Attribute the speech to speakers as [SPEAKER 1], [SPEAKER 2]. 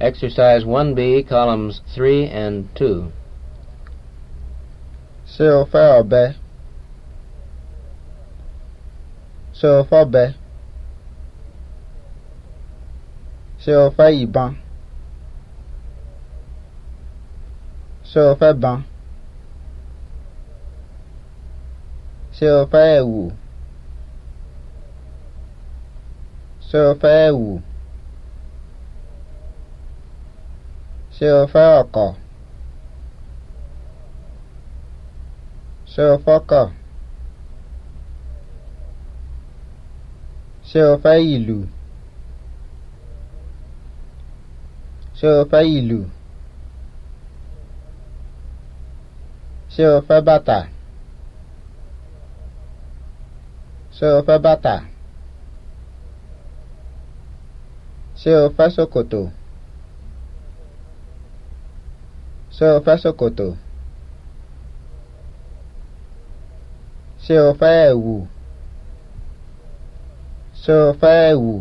[SPEAKER 1] Exercise 1B, columns 3 and 2. Cyril Farrell Bay. Cyril Farrell Bay. Cyril Farrell Ban. sơ Farrell Ban. sơ Farrell Wu. sơ Farrell Wu. ṣé o fẹ́ ọkọ̀ ṣé o fọ́kọ̀ ṣé o fẹ́ ìlú ṣé o fẹ́ ìlú ṣé o fẹ́ bàtà ṣé o fẹ́ bàtà ṣé o fẹ́ ṣòkòtò. So ṣé o fẹ́ ṣòkòtò ṣé o fẹ́ ẹ̀wù ṣé o fẹ́ ẹ̀wù.